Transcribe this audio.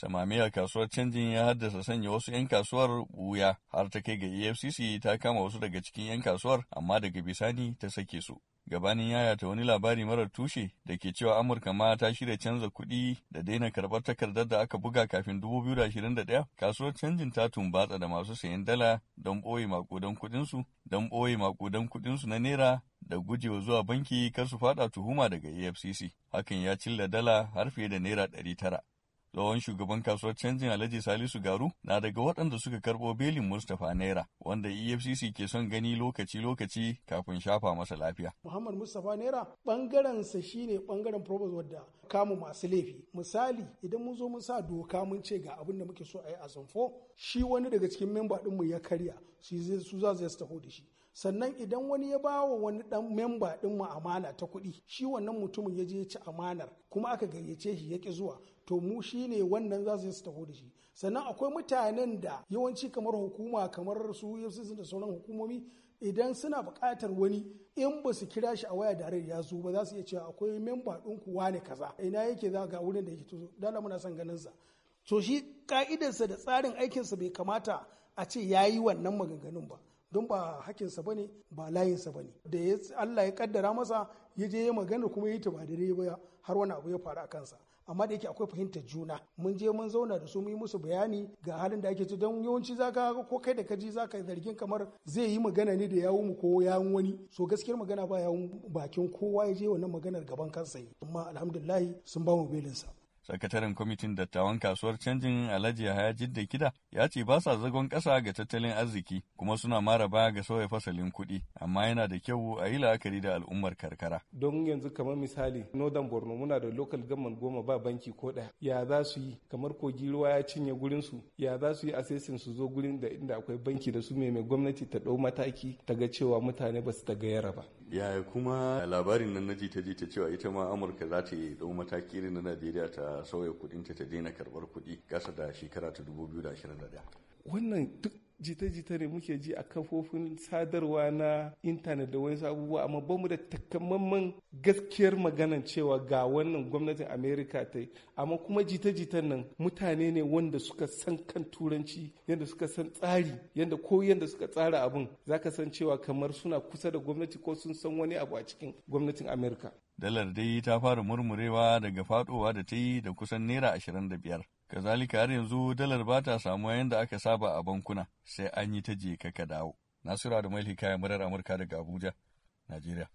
samami a kasuwar canjin ya haddasa sanya wasu 'yan kasuwar wuya har ta kai ga efcc ta kama wasu daga cikin 'yan kasuwar amma daga bisani ta sake su gabanin yaya ta wani labari marar tushe da ke cewa amurka ma ta shirya canza kuɗi da daina karbar takardar da aka buga kafin 2021 kasuwar canjin ta tumbatsa da masu sayan dala don ɓoye makudan kuɗinsu don ɓoye makudan kuɗinsu na naira da gujewa zuwa banki kar su fada tuhuma daga efcc hakan ya cilla dala har fiye da naira 900 tsohon shugaban kasuwar canjin alhaji salisu garu na daga waɗanda suka karɓo belin mustapha naira wanda efcc ke son gani lokaci-lokaci kafin shafa masa lafiya muhammad mustapha naira ɓangarensa shine ɓangaren probos wadda kamu masu laifi misali idan mun zo mun sa doka mun ce ga abin da muke so a yi a shi wani daga cikin memba ɗinmu ya karya su za su taho da shi sannan idan wani ya ba wa wani dan memba din mu amana ta kuɗi shi wannan mutumin ya je ya ci amanar kuma aka gayyace shi ya ki zuwa to mu shi ne wannan za su yi su taho da shi sannan akwai mutanen da yawanci kamar hukuma kamar su yafsisin e da sauran hukumomi idan suna buƙatar wani in ba su kira shi a waya da ya zo ba za su iya cewa akwai memba ɗin ku wane kaza ina yake za ga wurin da yake to dala muna son ganin sa to shi ka'idarsa da tsarin aikinsa bai kamata a ce ya yi wannan maganganun ba don ba hakinsa ba ne ba layinsa ba ne da Allah ya kaddara masa ya je ya magana kuma ya yi ta ba daidai ba har wani abu ya faru a kansa amma da yake akwai fahimtar juna mun je mun zauna da su mun yi musu bayani ga halin da ake ci don yawanci za ka ko kai da kaji ka zargin kamar zai yi magana ne da yawun mu ko yawun wani so gaskiyar magana ba yawun bakin kowa ya je wannan maganar gaban kansa amma alhamdulillah sun ba mu belinsa sakataren kwamitin dattawan kasuwar canjin alhaji haya da kida ya ce ba sa zagon kasa ga tattalin arziki kuma suna mara baya ga sauya fasalin kuɗi amma yana da kyau a yi la'akari da al'ummar karkara don yanzu kamar misali northern borno muna da local government goma ba banki ko ɗaya ya za su yi kamar kogi ruwa ya cinye gurin su ya za su yi assessing su zo gurin da inda akwai banki da su mai mai gwamnati ta ɗau mataki ta ga cewa mutane ba su ta gayyara ba yaya kuma labarin nan na jita jita cewa ita ma amurka za ta ɗau mataki irin na najeriya ta sauya kudinta ta daina karbar kudi kasa da shekara ta 2021 wannan duk jita-jita ne muke ji a kafofin sadarwa na intanet da wani abubuwa amma ba mu da takamaiman gaskiyar maganan cewa ga wannan gwamnatin amerika ta yi amma kuma jita-jitan nan mutane ne wanda suka san kan turanci yadda suka san tsari yadda ko yadda suka tsara abin zaka san cewa kamar suna kusa da gwamnati ko sun san wani abu a cikin gwamnatin amerika dalar dai ta fara murmurewa daga fadowa da ta yi da kusan naira ashirin da biyar. Kazalika har yanzu dalar ba ta samuwa yadda aka saba a bankuna sai an yi ta je ka dawo. Nasiru da Maili kayan murar Amurka daga Abuja, Najeriya.